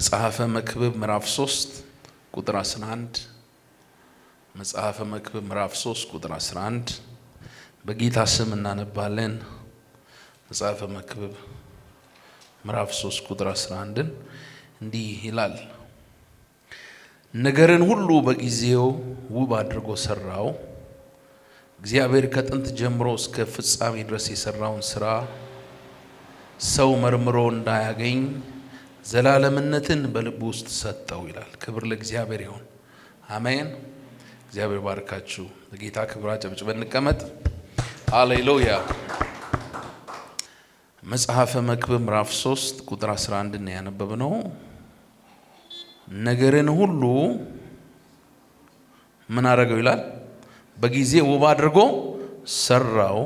መጽሐፈ መክብብ ምዕራፍ 3 ቁጥር 11 መጽሐፈ መክብብ ምዕራፍ 3 ቁጥር 11 በጌታ ስም እናነባለን። መጽሐፈ መክብብ ምዕራፍ 3 ቁጥር 11ን እንዲህ ይላል፣ ነገርን ሁሉ በጊዜው ውብ አድርጎ ሰራው። እግዚአብሔር ከጥንት ጀምሮ እስከ ፍጻሜ ድረስ የሰራውን ስራ ሰው መርምሮ እንዳያገኝ ዘላለምነትን በልቡ ውስጥ ሰጠው ይላል። ክብር ለእግዚአብሔር ይሁን። አሜን። እግዚአብሔር ባርካችሁ። ጌታ ክብራ አጨብጭበን እንቀመጥ። አሌሉያ። መጽሐፈ መክብብ ምዕራፍ 3 ቁጥር 11 ነው ያነበብነው። ነገርን ሁሉ ምን አረገው ይላል? በጊዜ ውብ አድርጎ ሰራው።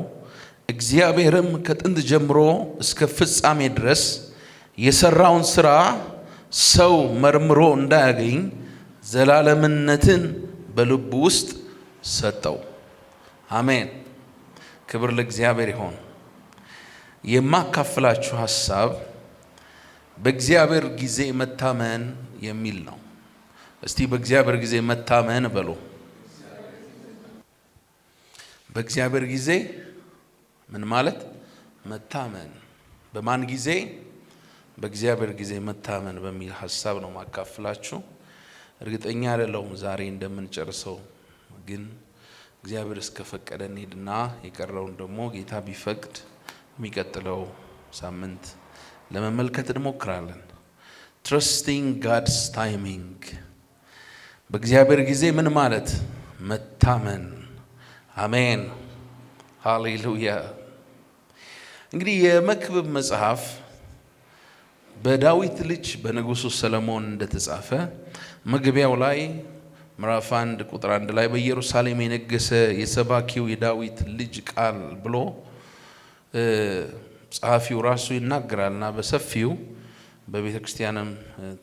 እግዚአብሔርም ከጥንት ጀምሮ እስከ ፍጻሜ ድረስ የሰራውን ስራ ሰው መርምሮ እንዳያገኝ ዘላለምነትን በልቡ ውስጥ ሰጠው። አሜን። ክብር ለእግዚአብሔር ይሆን። የማካፍላችሁ ሀሳብ በእግዚአብሔር ጊዜ መታመን የሚል ነው። እስቲ በእግዚአብሔር ጊዜ መታመን በሉ። በእግዚአብሔር ጊዜ ምን ማለት መታመን? በማን ጊዜ በእግዚአብሔር ጊዜ መታመን በሚል ሀሳብ ነው ማካፍላችሁ። እርግጠኛ አይደለሁም ዛሬ እንደምንጨርሰው፣ ግን እግዚአብሔር እስከፈቀደ እንሄድና የቀረውን ደግሞ ጌታ ቢፈቅድ የሚቀጥለው ሳምንት ለመመልከት እንሞክራለን። ትረስቲንግ ጋድስ ታይሚንግ በእግዚአብሔር ጊዜ ምን ማለት መታመን። አሜን፣ ሃሌሉያ። እንግዲህ የመክብብ መጽሐፍ በዳዊት ልጅ በንጉሱ ሰለሞን እንደተጻፈ መግቢያው ላይ ምዕራፍ አንድ ቁጥር አንድ ላይ በኢየሩሳሌም የነገሰ የሰባኪው የዳዊት ልጅ ቃል ብሎ ጸሐፊው ራሱ ይናገራልና በሰፊው በቤተ ክርስቲያንም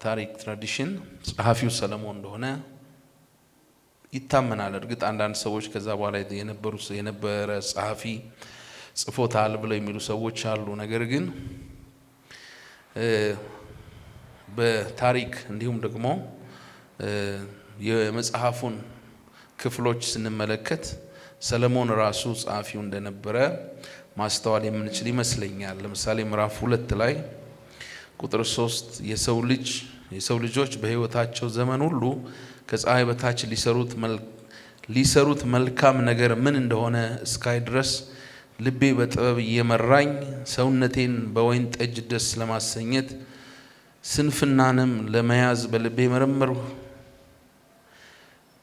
ታሪክ ትራዲሽን ጸሐፊው ሰለሞን እንደሆነ ይታመናል። እርግጥ አንዳንድ ሰዎች ከዛ በኋላ የነበሩ የነበረ ጸሐፊ ጽፎታል ብለው የሚሉ ሰዎች አሉ። ነገር ግን በታሪክ እንዲሁም ደግሞ የመጽሐፉን ክፍሎች ስንመለከት ሰለሞን ራሱ ጸሐፊው እንደነበረ ማስተዋል የምንችል ይመስለኛል። ለምሳሌ ምዕራፍ ሁለት ላይ ቁጥር ሶስት የሰው ልጅ የሰው ልጆች በህይወታቸው ዘመን ሁሉ ከፀሐይ በታች ሊሰሩት መልካም ነገር ምን እንደሆነ እስካይ ድረስ ልቤ በጥበብ እየመራኝ ሰውነቴን በወይን ጠጅ ደስ ለማሰኘት ስንፍናንም ለመያዝ በልቤ መረመርሁ።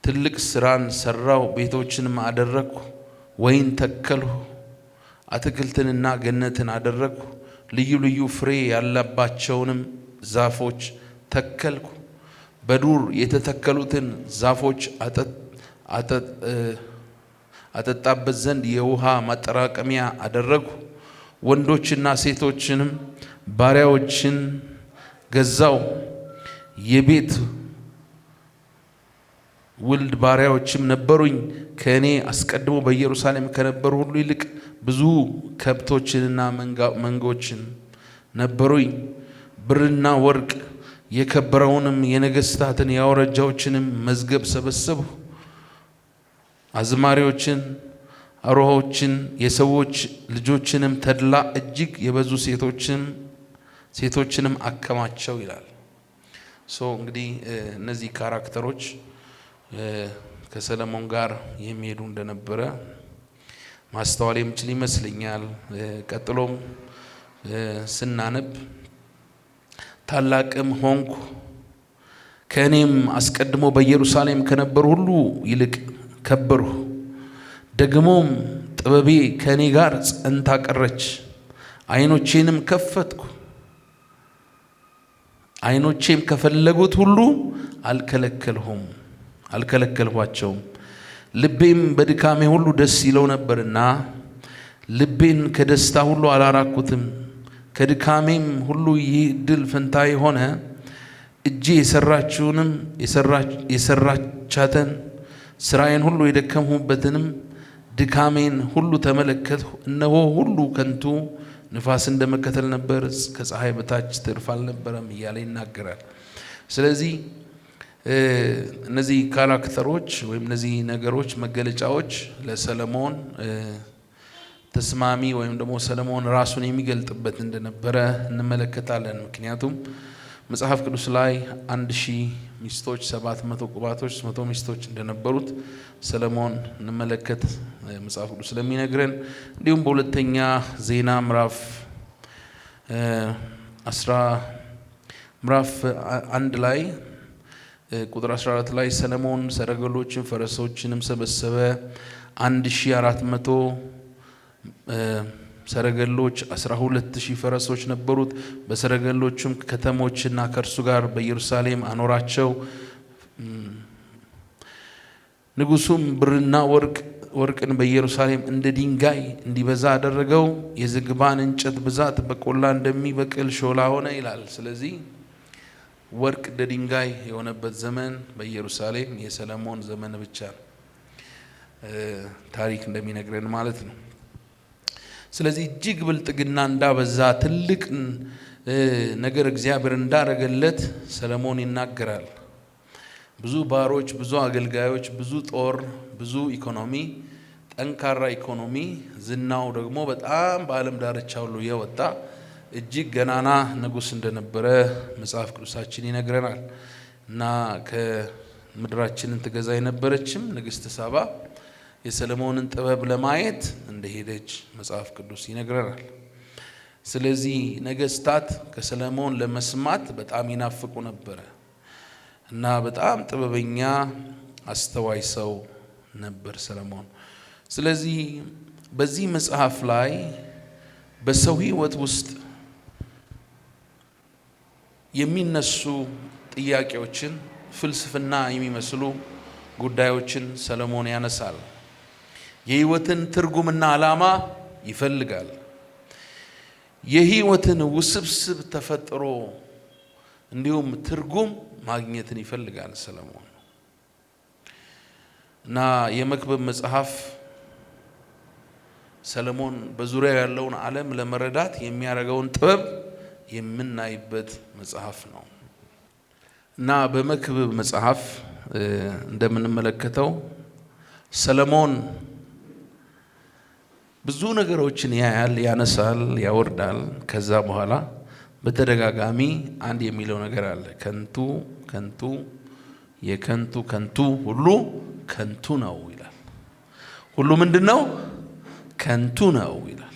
ትልቅ ስራን ሰራው ቤቶችንም አደረግኩ፣ ወይን ተከልሁ፣ አትክልትንና ገነትን አደረግኩ። ልዩ ልዩ ፍሬ ያለባቸውንም ዛፎች ተከልኩ። በዱር የተተከሉትን ዛፎች አጠጣበት ዘንድ የውሃ ማጠራቀሚያ አደረግሁ። ወንዶችና ሴቶችንም ባሪያዎችን ገዛው። የቤት ውልድ ባሪያዎችም ነበሩኝ። ከእኔ አስቀድሞ በኢየሩሳሌም ከነበሩ ሁሉ ይልቅ ብዙ ከብቶችንና መንጎችን ነበሩኝ። ብርና ወርቅ የከበረውንም የነገስታትን የአውራጃዎችንም መዝገብ ሰበሰብሁ። አዝማሪዎችን፣ አሮሆችን፣ የሰዎች ልጆችንም ተድላ እጅግ የበዙ ሴቶችን ሴቶችንም አከማቸው ይላል። ሶ እንግዲህ እነዚህ ካራክተሮች ከሰለሞን ጋር የሚሄዱ እንደነበረ ማስተዋል የምችል ይመስለኛል። ቀጥሎም ስናነብ ታላቅም ሆንኩ ከእኔም አስቀድሞ በኢየሩሳሌም ከነበሩ ሁሉ ይልቅ ከበርሁ። ደግሞም ጥበቤ ከእኔ ጋር ጸንታ ቀረች፣ ዓይኖቼንም ከፈትኩ። ዓይኖቼም ከፈለጉት ሁሉ አልከለከልሁም አልከለከልኋቸውም። ልቤም በድካሜ ሁሉ ደስ ይለው ነበርና ልቤን ከደስታ ሁሉ አላራኩትም። ከድካሜም ሁሉ ይህ ድል ፈንታ የሆነ እጄ የሰራችውንም የሰራቻትን ስራዬን ሁሉ የደከምሁበትንም ድካሜን ሁሉ ተመለከትሁ። እነሆ ሁሉ ከንቱ ንፋስ እንደመከተል ነበር፣ ከፀሐይ በታች ትርፍ አልነበረም እያለ ይናገራል። ስለዚህ እነዚህ ካራክተሮች ወይም እነዚህ ነገሮች መገለጫዎች ለሰለሞን ተስማሚ ወይም ደግሞ ሰለሞን ራሱን የሚገልጥበት እንደነበረ እንመለከታለን። ምክንያቱም መጽሐፍ ቅዱስ ላይ አንድ ሺህ ሚስቶች ሰባት መቶ ቁባቶች መቶ ሚስቶች እንደነበሩት ሰለሞን እንመለከት መጽሐፍ ቅዱስ ስለሚነግረን እንዲሁም በሁለተኛ ዜና ምራፍ አስራ ምራፍ አንድ ላይ ቁጥር 14 ላይ ሰለሞን ሰረገሎችን ፈረሶችንም ሰበሰበ አንድ ሺህ አራት መቶ ሰረገሎች አስራ ሁለት ሺህ ፈረሶች ነበሩት። በሰረገሎችም ከተሞችና ከእርሱ ጋር በኢየሩሳሌም አኖራቸው። ንጉሱም ብርና ወርቅ ወርቅን በኢየሩሳሌም እንደ ድንጋይ እንዲበዛ አደረገው። የዝግባን እንጨት ብዛት በቆላ እንደሚበቅል ሾላ ሆነ ይላል። ስለዚህ ወርቅ እንደ ድንጋይ የሆነበት ዘመን በኢየሩሳሌም የሰለሞን ዘመን ብቻ ነው ታሪክ እንደሚነግረን ማለት ነው። ስለዚህ እጅግ ብልጥግና እንዳበዛ ትልቅ ነገር እግዚአብሔር እንዳረገለት ሰለሞን ይናገራል። ብዙ ባሮች፣ ብዙ አገልጋዮች፣ ብዙ ጦር፣ ብዙ ኢኮኖሚ፣ ጠንካራ ኢኮኖሚ፣ ዝናው ደግሞ በጣም በዓለም ዳርቻ ሁሉ የወጣ እጅግ ገናና ንጉሥ እንደነበረ መጽሐፍ ቅዱሳችን ይነግረናል እና ከምድራችንን ትገዛ የነበረችም ንግሥት ሳባ የሰለሞንን ጥበብ ለማየት እንደሄደች መጽሐፍ ቅዱስ ይነግረናል። ስለዚህ ነገስታት ከሰለሞን ለመስማት በጣም ይናፍቁ ነበረ እና በጣም ጥበበኛ አስተዋይ ሰው ነበር ሰለሞን። ስለዚህ በዚህ መጽሐፍ ላይ በሰው ሕይወት ውስጥ የሚነሱ ጥያቄዎችን፣ ፍልስፍና የሚመስሉ ጉዳዮችን ሰለሞን ያነሳል። የህይወትን ትርጉምና ዓላማ ይፈልጋል። የህይወትን ውስብስብ ተፈጥሮ እንዲሁም ትርጉም ማግኘትን ይፈልጋል ሰለሞን እና የመክብብ መጽሐፍ ሰለሞን በዙሪያው ያለውን ዓለም ለመረዳት የሚያደርገውን ጥበብ የምናይበት መጽሐፍ ነው እና በመክብብ መጽሐፍ እንደምንመለከተው ሰለሞን ብዙ ነገሮችን ያያል፣ ያነሳል፣ ያወርዳል። ከዛ በኋላ በተደጋጋሚ አንድ የሚለው ነገር አለ። ከንቱ ከንቱ የከንቱ ከንቱ ሁሉ ከንቱ ነው ይላል። ሁሉ ምንድን ነው? ከንቱ ነው ይላል።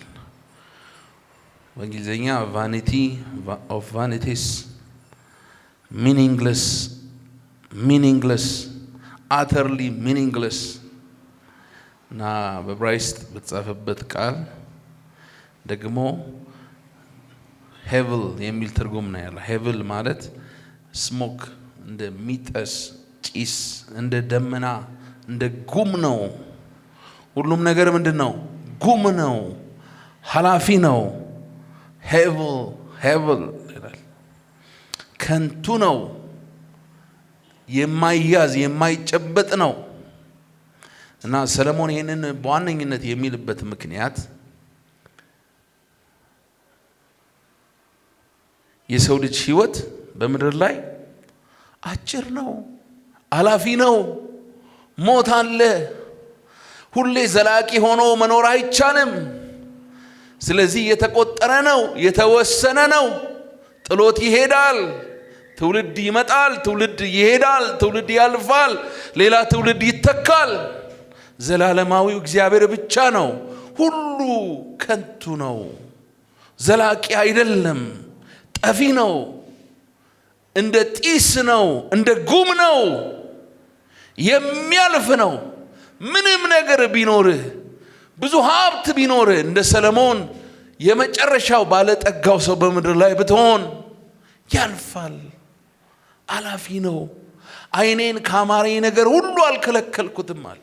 በእንግሊዝኛ ቫኒቲ ኦፍ ቫኒቲስ ሚኒንግለስ ሚኒንግለስ አተርሊ ሚኒንግለስ እና በዕብራይስጥ በተጻፈበት ቃል ደግሞ ሄቭል የሚል ትርጉም ነው ያለው። ሄቭል ማለት ስሞክ እንደ ሚጠስ ጭስ እንደ ደመና፣ እንደ ጉም ነው። ሁሉም ነገር ምንድን ነው? ጉም ነው፣ ኃላፊ ነው። ሄቭል ሄቭል ይላል። ከንቱ ነው፣ የማይያዝ የማይጨበጥ ነው። እና ሰለሞን ይህንን በዋነኝነት የሚልበት ምክንያት የሰው ልጅ ህይወት በምድር ላይ አጭር ነው፣ አላፊ ነው፣ ሞት አለ። ሁሌ ዘላቂ ሆኖ መኖር አይቻልም። ስለዚህ የተቆጠረ ነው፣ የተወሰነ ነው። ጥሎት ይሄዳል። ትውልድ ይመጣል፣ ትውልድ ይሄዳል፣ ትውልድ ያልፋል፣ ሌላ ትውልድ ይተካል። ዘላለማዊው እግዚአብሔር ብቻ ነው። ሁሉ ከንቱ ነው፣ ዘላቂ አይደለም፣ ጠፊ ነው፣ እንደ ጢስ ነው፣ እንደ ጉም ነው፣ የሚያልፍ ነው። ምንም ነገር ቢኖርህ ብዙ ሀብት ቢኖርህ እንደ ሰለሞን የመጨረሻው ባለጠጋው ሰው በምድር ላይ ብትሆን ያልፋል። አላፊ ነው። ዓይኔን ከአማረኝ ነገር ሁሉ አልከለከልኩትም አለ።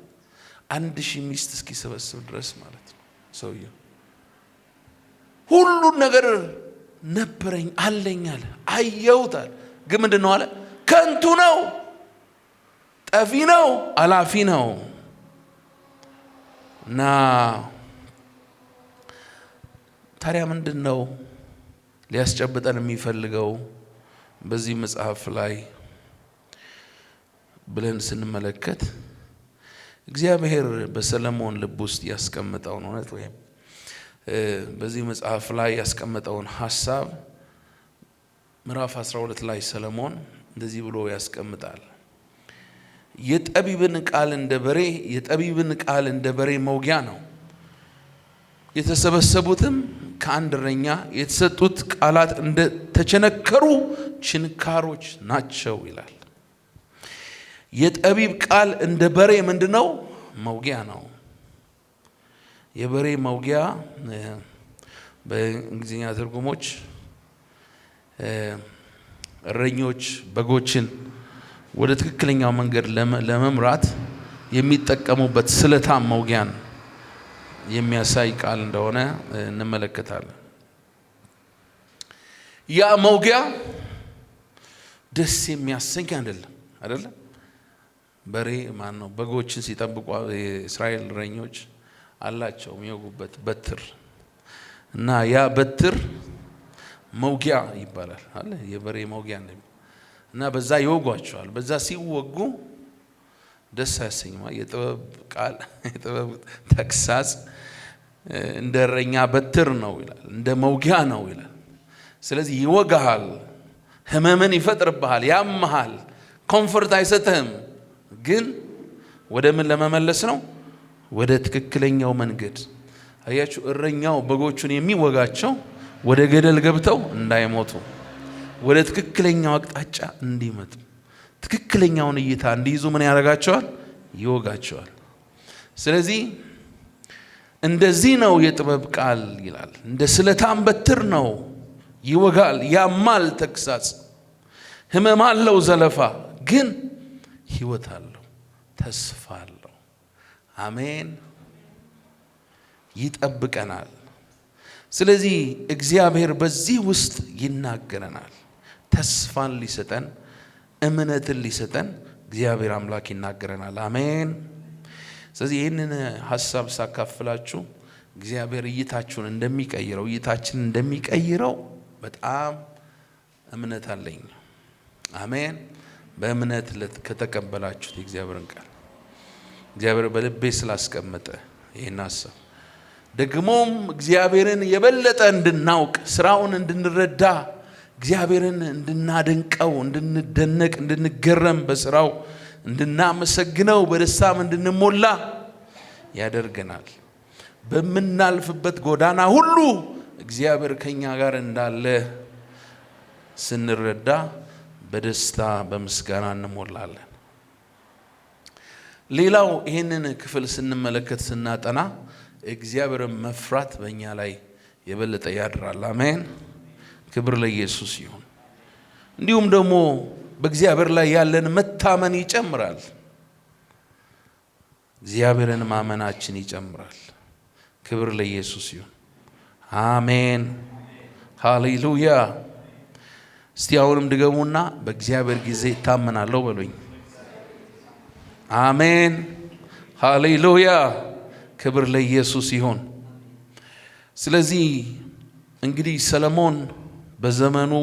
አንድ ሺህ ሚስት እስኪሰበስብ ድረስ ማለት ነው። ሰውየው ሁሉን ነገር ነበረኝ አለኝ አለ። አየውታል። ግን ምንድን ነው አለ? ከንቱ ነው፣ ጠፊ ነው፣ አላፊ ነው እና ታዲያ ምንድን ነው ሊያስጨብጠን የሚፈልገው በዚህ መጽሐፍ ላይ ብለን ስንመለከት እግዚአብሔር በሰለሞን ልብ ውስጥ ያስቀመጠውን እውነት ወይም በዚህ መጽሐፍ ላይ ያስቀመጠውን ሀሳብ ምዕራፍ 12 ላይ ሰለሞን እንደዚህ ብሎ ያስቀምጣል። የጠቢብን ቃል እንደ በሬ የጠቢብን ቃል እንደ በሬ መውጊያ ነው። የተሰበሰቡትም ከአንድ እረኛ የተሰጡት ቃላት እንደ ተቸነከሩ ችንካሮች ናቸው ይላል። የጠቢብ ቃል እንደ በሬ ምንድን ነው? መውጊያ ነው። የበሬ መውጊያ በእንግሊዝኛ ትርጉሞች እረኞች በጎችን ወደ ትክክለኛው መንገድ ለመምራት የሚጠቀሙበት ስለታም መውጊያን የሚያሳይ ቃል እንደሆነ እንመለከታለን። ያ መውጊያ ደስ የሚያሰኝ አይደለም አይደለም። በሬ ማን ነው በጎችን ሲጠብቁ የእስራኤል እረኞች አላቸው የሚወጉበት በትር እና ያ በትር መውጊያ ይባላል አለ የበሬ መውጊያ እና በዛ ይወጓቸዋል። በዛ ሲወጉ ደስ አያሰኝም የጥበብ ቃል የጥበብ ተክሳጽ እንደ እረኛ በትር ነው ይላል፣ እንደ መውጊያ ነው ይላል። ስለዚህ ይወጋሃል፣ ህመምን ይፈጥርብሃል፣ ያመሃል፣ ኮንፈርት አይሰጥህም። ግን ወደ ምን ለመመለስ ነው? ወደ ትክክለኛው መንገድ። አያችሁ፣ እረኛው በጎቹን የሚወጋቸው ወደ ገደል ገብተው እንዳይሞቱ፣ ወደ ትክክለኛው አቅጣጫ እንዲመጡ፣ ትክክለኛውን እይታ እንዲይዙ ምን ያደርጋቸዋል? ይወጋቸዋል። ስለዚህ እንደዚህ ነው የጥበብ ቃል ይላል። እንደ ስለታም በትር ነው፣ ይወጋል፣ ያማል፣ ተግሳጽ ህመም አለው፣ ዘለፋ ግን ህይወት አለው። ተስፋ አለው። አሜን። ይጠብቀናል። ስለዚህ እግዚአብሔር በዚህ ውስጥ ይናገረናል። ተስፋን ሊሰጠን እምነትን ሊሰጠን እግዚአብሔር አምላክ ይናገረናል። አሜን። ስለዚህ ይህንን ሀሳብ ሳካፍላችሁ እግዚአብሔር እይታችሁን እንደሚቀይረው እይታችንን እንደሚቀይረው በጣም እምነት አለኝ። አሜን። በእምነት ከተቀበላችሁት የእግዚአብሔርን ቃል እግዚአብሔር በልቤ ስላስቀመጠ ይህን ሀሳብ ደግሞም እግዚአብሔርን የበለጠ እንድናውቅ ስራውን እንድንረዳ እግዚአብሔርን እንድናደንቀው እንድንደነቅ እንድንገረም በስራው እንድናመሰግነው በደስታም እንድንሞላ ያደርገናል። በምናልፍበት ጎዳና ሁሉ እግዚአብሔር ከኛ ጋር እንዳለ ስንረዳ በደስታ በምስጋና እንሞላለን። ሌላው ይህንን ክፍል ስንመለከት ስናጠና እግዚአብሔርን መፍራት በእኛ ላይ የበለጠ ያድራል። አሜን። ክብር ለኢየሱስ ይሁን። እንዲሁም ደግሞ በእግዚአብሔር ላይ ያለን መታመን ይጨምራል። እግዚአብሔርን ማመናችን ይጨምራል። ክብር ለኢየሱስ ይሁን። አሜን። ሃሌሉያ። እስቲ አሁንም ድገሙና በእግዚአብሔር ጊዜ እታመናለሁ በሉኝ። አሜን፣ ሃሌሉያ፣ ክብር ለኢየሱስ ይሁን። ስለዚህ እንግዲህ ሰለሞን በዘመኑ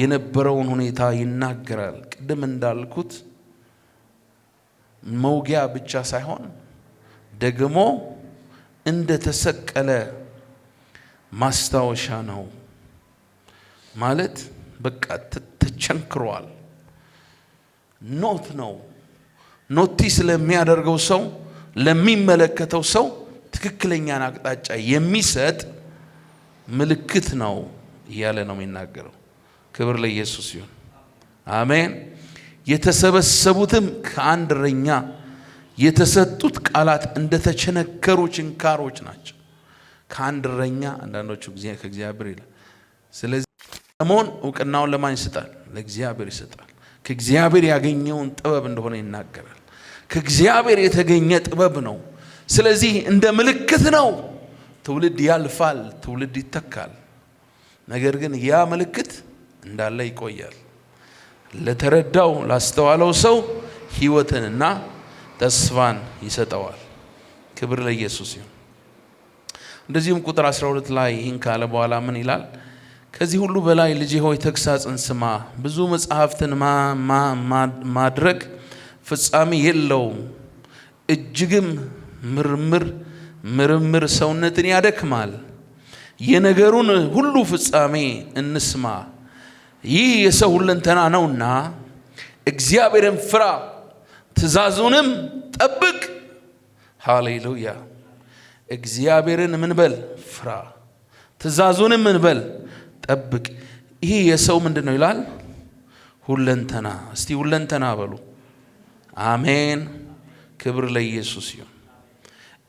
የነበረውን ሁኔታ ይናገራል። ቅድም እንዳልኩት መውጊያ ብቻ ሳይሆን ደግሞ እንደተሰቀለ ማስታወሻ ነው ማለት በቃ ተቸንክሯል። ኖት ነው ኖቲስ ለሚያደርገው ሰው ለሚመለከተው ሰው ትክክለኛን አቅጣጫ የሚሰጥ ምልክት ነው እያለ ነው የሚናገረው። ክብር ለኢየሱስ ይሁን። አሜን። የተሰበሰቡትም ከአንድ እረኛ የተሰጡት ቃላት እንደተቸነከሩ ችንካሮች ናቸው። ከአንድ እረኛ አንዳንዶቹ ከእግዚአብሔር ይላል። ስለዚህ ሰሞን እውቅናውን ለማን ይሰጣል? ለእግዚአብሔር ይሰጣል። ከእግዚአብሔር ያገኘውን ጥበብ እንደሆነ ይናገራል። ከእግዚአብሔር የተገኘ ጥበብ ነው። ስለዚህ እንደ ምልክት ነው። ትውልድ ያልፋል፣ ትውልድ ይተካል። ነገር ግን ያ ምልክት እንዳለ ይቆያል። ለተረዳው ላስተዋለው ሰው ሕይወትንና ተስፋን ይሰጠዋል። ክብር ለኢየሱስ ይሁን። እንደዚሁም ቁጥር 12 ላይ ይህን ካለ በኋላ ምን ይላል? ከዚህ ሁሉ በላይ ልጅ ሆይ ተግሳጽን ስማ። ብዙ መጽሐፍትን ማድረግ ፍጻሜ የለውም፣ እጅግም ምርምር ምርምር ሰውነትን ያደክማል። የነገሩን ሁሉ ፍጻሜ እንስማ። ይህ የሰው ሁለንተና ነውና እግዚአብሔርን ፍራ፣ ትእዛዙንም ጠብቅ። ሃሌሉያ! እግዚአብሔርን ምንበል ፍራ፣ ትእዛዙንም ምንበል ጠብቅ። ይሄ የሰው ምንድን ነው ይላል? ሁለንተና። እስቲ ሁለንተና በሉ። አሜን። ክብር ለኢየሱስ ይሁን።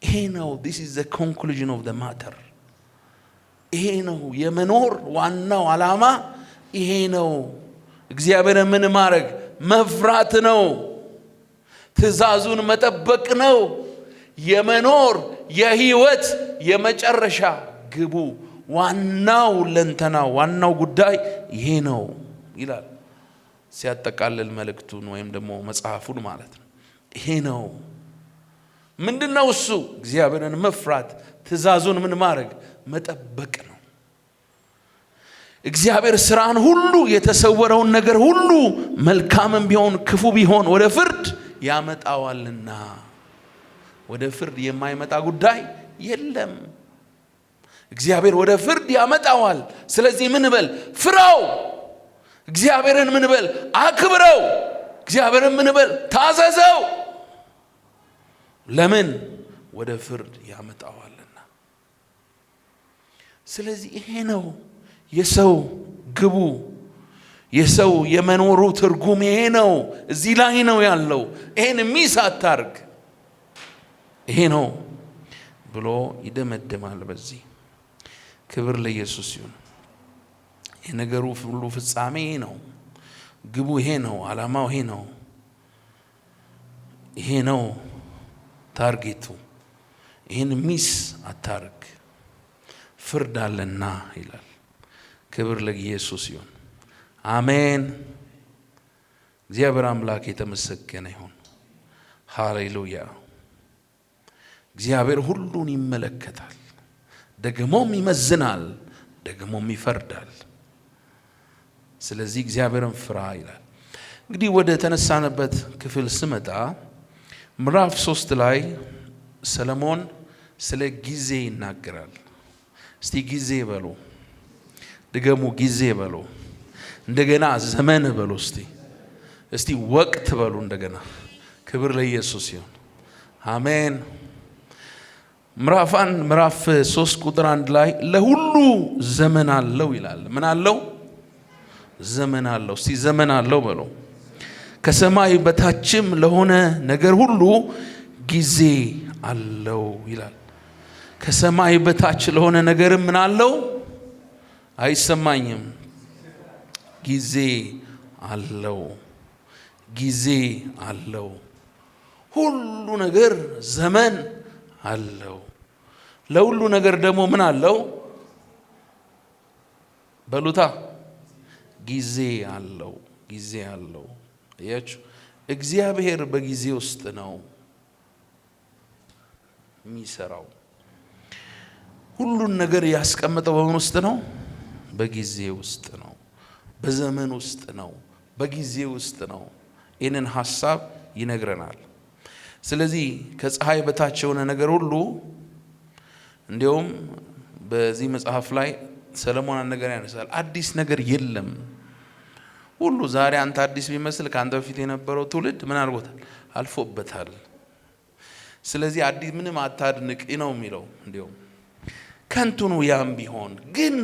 ይሄ ነው ዲስ ኢዝ ዘ ኮንክሉዥን ኦፍ ዘ ማተር። ይሄ ነው የመኖር ዋናው ዓላማ። ይሄ ነው እግዚአብሔር ምን ማድረግ መፍራት ነው። ትእዛዙን መጠበቅ ነው። የመኖር የህይወት የመጨረሻ ግቡ ዋናው ለንተና ዋናው ጉዳይ ይሄ ነው ይላል ሲያጠቃልል መልእክቱን ወይም ደግሞ መጽሐፉን ማለት ነው። ይሄ ነው ምንድን ነው እሱ? እግዚአብሔርን መፍራት፣ ትእዛዙን ምን ማድረግ መጠበቅ ነው። እግዚአብሔር ስራን ሁሉ የተሰወረውን ነገር ሁሉ መልካምም ቢሆን ክፉ ቢሆን ወደ ፍርድ ያመጣዋልና ወደ ፍርድ የማይመጣ ጉዳይ የለም። እግዚአብሔር ወደ ፍርድ ያመጣዋል። ስለዚህ ምን በል ፍራው። እግዚአብሔርን ምን በል አክብረው። እግዚአብሔርን ምን በል ታዘዘው። ለምን ወደ ፍርድ ያመጣዋልና። ስለዚህ ይሄ ነው የሰው ግቡ የሰው የመኖሩ ትርጉም ይሄ ነው። እዚህ ላይ ነው ያለው። ይሄን ሚስ አታርግ፣ ይሄ ነው ብሎ ይደመድማል በዚህ ክብር ለኢየሱስ ይሁን። የነገሩ ሁሉ ፍጻሜ ይሄ ነው። ግቡ ይሄ ነው። አላማው ይሄ ነው። ይሄ ነው ታርጌቱ። ይህን ሚስ አታርግ፣ ፍርድ አለና ይላል። ክብር ለኢየሱስ ይሁን። አሜን። እግዚአብሔር አምላክ የተመሰገነ ይሁን። ሃሌሉያ። እግዚአብሔር ሁሉን ይመለከታል። ደግሞም ይመዝናል፣ ደግሞም ይፈርዳል። ስለዚህ እግዚአብሔርን ፍራ ይላል። እንግዲህ ወደ ተነሳንበት ክፍል ስመጣ ምዕራፍ ሶስት ላይ ሰለሞን ስለ ጊዜ ይናገራል። እስቲ ጊዜ በሉ፣ ድገሙ፣ ጊዜ በሉ፣ እንደገና ዘመን በሉ፣ እስቲ እስቲ ወቅት በሉ እንደገና። ክብር ለኢየሱስ ይሁን። አሜን። ምዕራፍ አንድ ምዕራፍ ሶስት ቁጥር አንድ ላይ ለሁሉ ዘመን አለው ይላል። ምን አለው? ዘመን አለው። እስቲ ዘመን አለው በሎ። ከሰማይ በታችም ለሆነ ነገር ሁሉ ጊዜ አለው ይላል። ከሰማይ በታች ለሆነ ነገርም ምን አለው? አይሰማኝም። ጊዜ አለው። ጊዜ አለው። ሁሉ ነገር ዘመን አለው። ለሁሉ ነገር ደግሞ ምን አለው? በሉታ ጊዜ አለው። ጊዜ አለው። አያችሁ፣ እግዚአብሔር በጊዜ ውስጥ ነው የሚሰራው። ሁሉን ነገር ያስቀመጠው በምን ውስጥ ነው? በጊዜ ውስጥ ነው። በዘመን ውስጥ ነው። በጊዜ ውስጥ ነው። ይህንን ሀሳብ ይነግረናል። ስለዚህ ከፀሐይ በታች የሆነ ነገር ሁሉ እንዲሁም በዚህ መጽሐፍ ላይ ሰለሞን ነገር ያነሳል። አዲስ ነገር የለም ሁሉ ዛሬ አንተ አዲስ ቢመስል ከአንተ በፊት የነበረው ትውልድ ምን አድርጎታል? አልፎበታል። ስለዚህ አዲስ ምንም አታድንቅ ነው የሚለው። እንዲሁም ከንቱኑ ያም ቢሆን ግን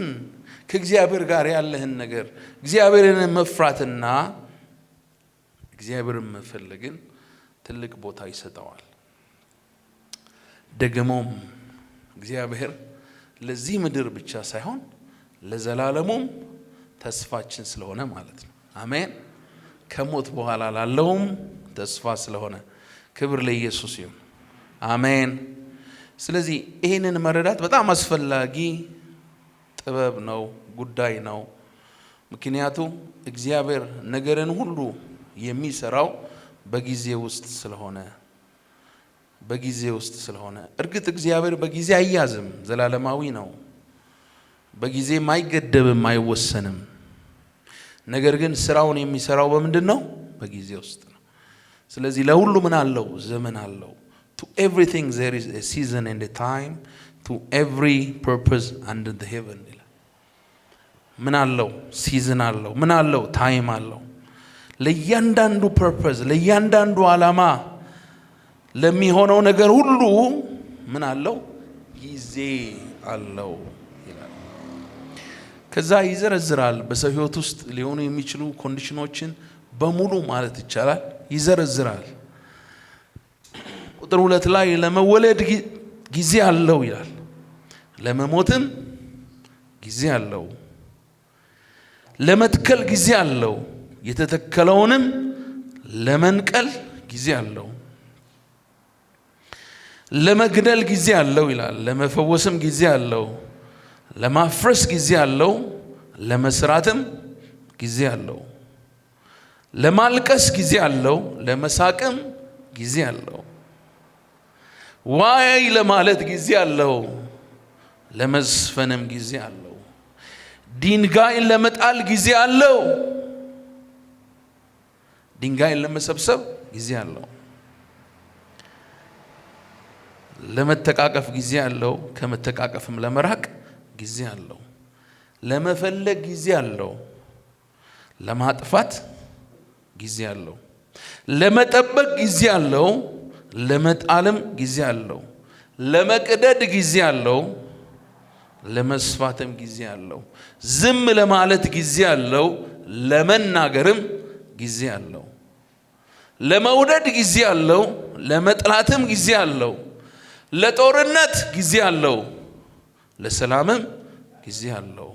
ከእግዚአብሔር ጋር ያለህን ነገር እግዚአብሔርን መፍራትና እግዚአብሔርን መፈለግን ትልቅ ቦታ ይሰጠዋል። ደግሞም እግዚአብሔር ለዚህ ምድር ብቻ ሳይሆን ለዘላለሙም ተስፋችን ስለሆነ ማለት ነው። አሜን። ከሞት በኋላ ላለውም ተስፋ ስለሆነ ክብር ለኢየሱስ ይሁን። አሜን። ስለዚህ ይህንን መረዳት በጣም አስፈላጊ ጥበብ ነው፣ ጉዳይ ነው። ምክንያቱ እግዚአብሔር ነገርን ሁሉ የሚሰራው በጊዜ ውስጥ ስለሆነ በጊዜ ውስጥ ስለሆነ። እርግጥ እግዚአብሔር በጊዜ አያዝም፣ ዘላለማዊ ነው። በጊዜ አይገደብም፣ አይወሰንም። ነገር ግን ስራውን የሚሰራው በምንድን ነው? በጊዜ ውስጥ ነው። ስለዚህ ለሁሉ ምን አለው? ዘመን አለው። ቱ ኤቭሪቲንግ ዜር ኢዝ ኤ ሲዝን ኤንድ ኤ ታይም ቱ ኤቭሪ ፐርፐዝ አንድ ዘ ሄቨን ይላል። ምን አለው? ሲዝን አለው። ምን አለው? ታይም አለው። ለእያንዳንዱ ፐርፐዝ ለእያንዳንዱ ዓላማ ለሚሆነው ነገር ሁሉ ምን አለው? ጊዜ አለው ይላል። ከዛ ይዘረዝራል። በሰው ህይወት ውስጥ ሊሆኑ የሚችሉ ኮንዲሽኖችን በሙሉ ማለት ይቻላል ይዘረዝራል። ቁጥር ሁለት ላይ ለመወለድ ጊዜ አለው ይላል፣ ለመሞትም ጊዜ አለው፣ ለመትከል ጊዜ አለው የተተከለውንም ለመንቀል ጊዜ አለው፣ ለመግደል ጊዜ አለው ይላል። ለመፈወስም ጊዜ አለው፣ ለማፍረስ ጊዜ አለው፣ ለመስራትም ጊዜ አለው፣ ለማልቀስ ጊዜ አለው፣ ለመሳቅም ጊዜ አለው፣ ዋይ ለማለት ጊዜ አለው፣ ለመዝፈንም ጊዜ አለው፣ ድንጋይን ለመጣል ጊዜ አለው። ድንጋይን ለመሰብሰብ ጊዜ አለው፣ ለመተቃቀፍ ጊዜ አለው፣ ከመተቃቀፍም ለመራቅ ጊዜ አለው፣ ለመፈለግ ጊዜ አለው፣ ለማጥፋት ጊዜ አለው፣ ለመጠበቅ ጊዜ አለው፣ ለመጣልም ጊዜ አለው፣ ለመቅደድ ጊዜ አለው ለመስፋትም ጊዜ አለው። ዝም ለማለት ጊዜ አለው። ለመናገርም ጊዜ አለው። ለመውደድ ጊዜ አለው፣ ለመጥላትም ጊዜ አለው፣ ለጦርነት ጊዜ አለው፣ ለሰላምም ጊዜ አለው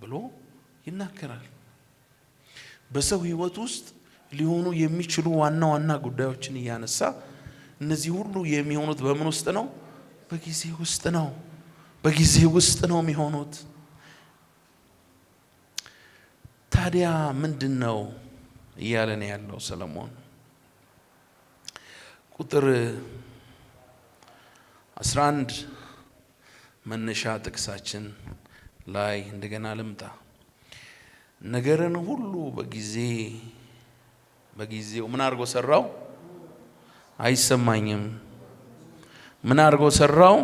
ብሎ ይናገራል። በሰው ሕይወት ውስጥ ሊሆኑ የሚችሉ ዋና ዋና ጉዳዮችን እያነሳ እነዚህ ሁሉ የሚሆኑት በምን ውስጥ ነው? በጊዜ ውስጥ ነው። በጊዜ ውስጥ ነው የሚሆኑት። ታዲያ ምንድን ነው እያለን ያለው ሰለሞን ቁጥር 11 መነሻ ጥቅሳችን ላይ እንደገና ልምጣ። ነገርን ሁሉ በጊዜ በጊዜው ምን አድርጎ ሰራው? አይሰማኝም። ምን አድርጎ ሰራው?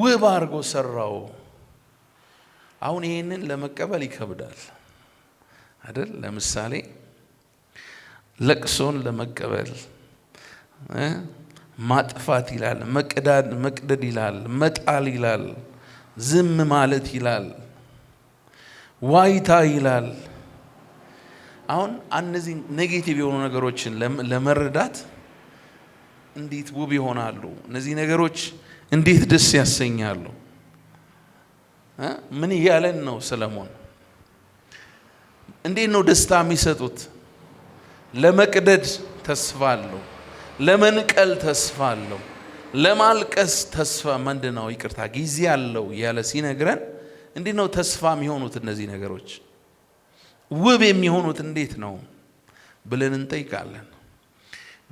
ውብ አድርጎ ሰራው። አሁን ይህንን ለመቀበል ይከብዳል። አይደል? ለምሳሌ ለቅሶን ለመቀበል ማጥፋት ይላል፣ መቅዳድ መቅደድ ይላል፣ መጣል ይላል፣ ዝም ማለት ይላል፣ ዋይታ ይላል። አሁን እነዚህ ኔጌቲቭ የሆኑ ነገሮችን ለመረዳት እንዴት ውብ ይሆናሉ! እነዚህ ነገሮች እንዴት ደስ ያሰኛሉ! ምን እያለን ነው ሰለሞን? እንዴት ነው ደስታ የሚሰጡት? ለመቅደድ ተስፋ አለው፣ ለመንቀል ተስፋ አለው፣ ለማልቀስ ተስፋ ምንድን ነው ይቅርታ ጊዜ አለው ያለ ሲነግረን እንዴት ነው ተስፋ የሚሆኑት እነዚህ ነገሮች ውብ የሚሆኑት እንዴት ነው ብለን እንጠይቃለን።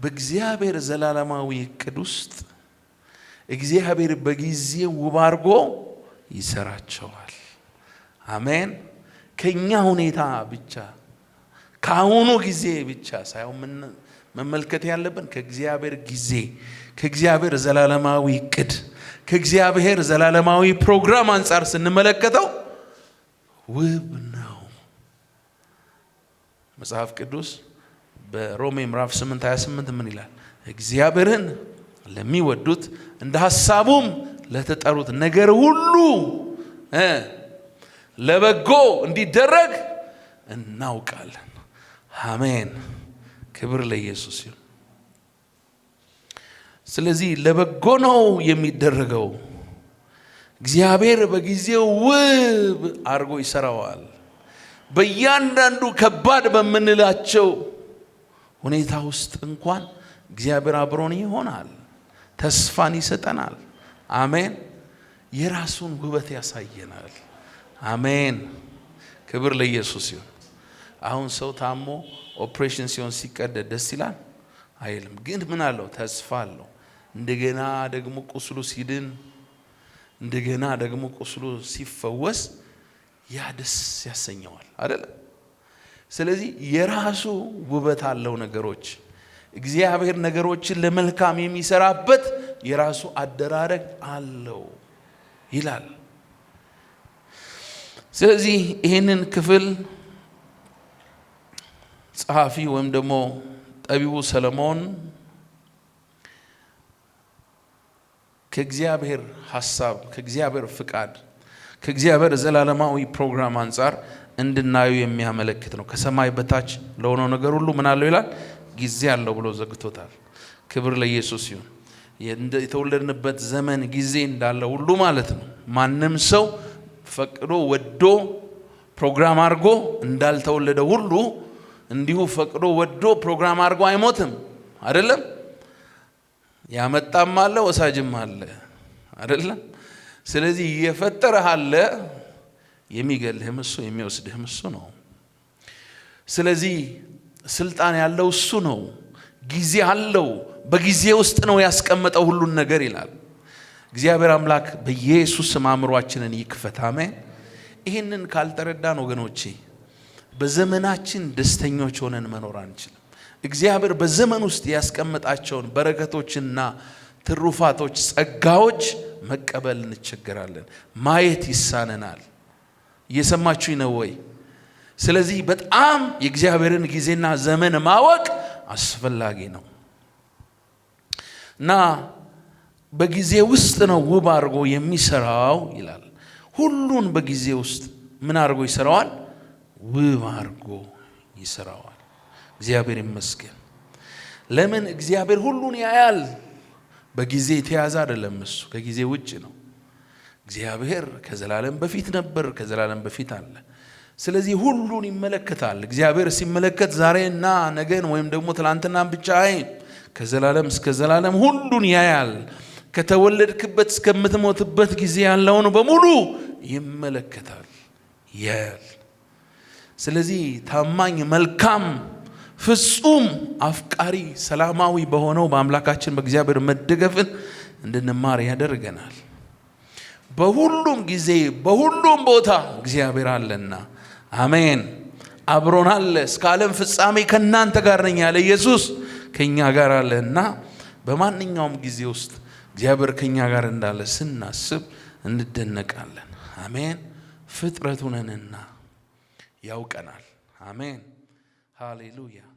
በእግዚአብሔር ዘላለማዊ እቅድ ውስጥ እግዚአብሔር በጊዜ ውብ አድርጎ ይሰራቸዋል። አሜን። ከኛ ሁኔታ ብቻ ከአሁኑ ጊዜ ብቻ ሳይሆን መመልከት ያለብን ከእግዚአብሔር ጊዜ፣ ከእግዚአብሔር ዘላለማዊ እቅድ፣ ከእግዚአብሔር ዘላለማዊ ፕሮግራም አንጻር ስንመለከተው ውብ ነው። መጽሐፍ ቅዱስ በሮሜ ምዕራፍ 8 28 ምን ይላል? እግዚአብሔርን ለሚወዱት እንደ ሀሳቡም ለተጠሩት ነገር ሁሉ ለበጎ እንዲደረግ እናውቃለን። አሜን። ክብር ለኢየሱስ ይሁን። ስለዚህ ለበጎ ነው የሚደረገው። እግዚአብሔር በጊዜው ውብ አድርጎ ይሰራዋል። በእያንዳንዱ ከባድ በምንላቸው ሁኔታ ውስጥ እንኳን እግዚአብሔር አብሮን ይሆናል። ተስፋን ይሰጠናል። አሜን። የራሱን ውበት ያሳየናል። አሜን። ክብር ለኢየሱስ ይሁን። አሁን ሰው ታሞ ኦፕሬሽን ሲሆን ሲቀደድ ደስ ይላል አይልም። ግን ምን አለው? ተስፋ አለው። እንደገና ደግሞ ቁስሉ ሲድን፣ እንደገና ደግሞ ቁስሉ ሲፈወስ ያ ደስ ያሰኘዋል አይደለም ስለዚህ የራሱ ውበት አለው። ነገሮች እግዚአብሔር ነገሮችን ለመልካም የሚሰራበት የራሱ አደራረግ አለው ይላል። ስለዚህ ይህንን ክፍል ጸሐፊ ወይም ደግሞ ጠቢቡ ሰለሞን ከእግዚአብሔር ሀሳብ፣ ከእግዚአብሔር ፍቃድ፣ ከእግዚአብሔር ዘላለማዊ ፕሮግራም አንጻር እንድናዩ የሚያመለክት ነው። ከሰማይ በታች ለሆነው ነገር ሁሉ ምን አለው ይላል? ጊዜ አለው ብሎ ዘግቶታል። ክብር ለኢየሱስ ይሁን። የተወለድንበት ዘመን ጊዜ እንዳለ ሁሉ ማለት ነው ማንም ሰው ፈቅዶ ወዶ ፕሮግራም አድርጎ እንዳልተወለደ ሁሉ እንዲሁ ፈቅዶ ወዶ ፕሮግራም አድርጎ አይሞትም። አይደለም ያመጣም አለ ወሳጅም አለ አይደለም። ስለዚህ እየፈጠረህ አለ፣ የሚገልህም እሱ የሚወስድህም እሱ ነው። ስለዚህ ስልጣን ያለው እሱ ነው። ጊዜ አለው። በጊዜ ውስጥ ነው ያስቀመጠው ሁሉን ነገር ይላል። እግዚአብሔር አምላክ በኢየሱስ ስም አእምሯችንን ይክፈት። አሜን። ይህንን ካልተረዳን ወገኖቼ በዘመናችን ደስተኞች ሆነን መኖር አንችልም። እግዚአብሔር በዘመን ውስጥ ያስቀመጣቸውን በረከቶችና ትሩፋቶች፣ ጸጋዎች መቀበል እንቸገራለን፣ ማየት ይሳነናል። እየሰማችሁኝ ነው ወይ? ስለዚህ በጣም የእግዚአብሔርን ጊዜና ዘመን ማወቅ አስፈላጊ ነው እና በጊዜ ውስጥ ነው ውብ አድርጎ የሚሰራው ይላል። ሁሉን በጊዜ ውስጥ ምን አድርጎ ይሰራዋል? ውብ አድርጎ ይሰራዋል። እግዚአብሔር ይመስገን። ለምን? እግዚአብሔር ሁሉን ያያል። በጊዜ የተያዘ አይደለም። እሱ ከጊዜ ውጭ ነው። እግዚአብሔር ከዘላለም በፊት ነበር፣ ከዘላለም በፊት አለ። ስለዚህ ሁሉን ይመለከታል። እግዚአብሔር ሲመለከት ዛሬና ነገን ወይም ደግሞ ትላንትናን ብቻ አይ ከዘላለም እስከ ዘላለም ሁሉን ያያል። ከተወለድክበት እስከምትሞትበት ጊዜ ያለውን በሙሉ ይመለከታል ያያል። ስለዚህ ታማኝ፣ መልካም፣ ፍጹም አፍቃሪ፣ ሰላማዊ በሆነው በአምላካችን በእግዚአብሔር መደገፍን እንድንማር ያደርገናል። በሁሉም ጊዜ በሁሉም ቦታ እግዚአብሔር አለና፣ አሜን። አብሮን አለ። እስከ ዓለም ፍጻሜ ከእናንተ ጋር ነኝ ያለ ኢየሱስ ከእኛ ጋር አለና በማንኛውም ጊዜ ውስጥ እግዚአብሔር ከኛ ጋር እንዳለ ስናስብ እንደነቃለን። አሜን። ፍጥረቱ ነንና ያውቀናል። አሜን። ሃሌሉያ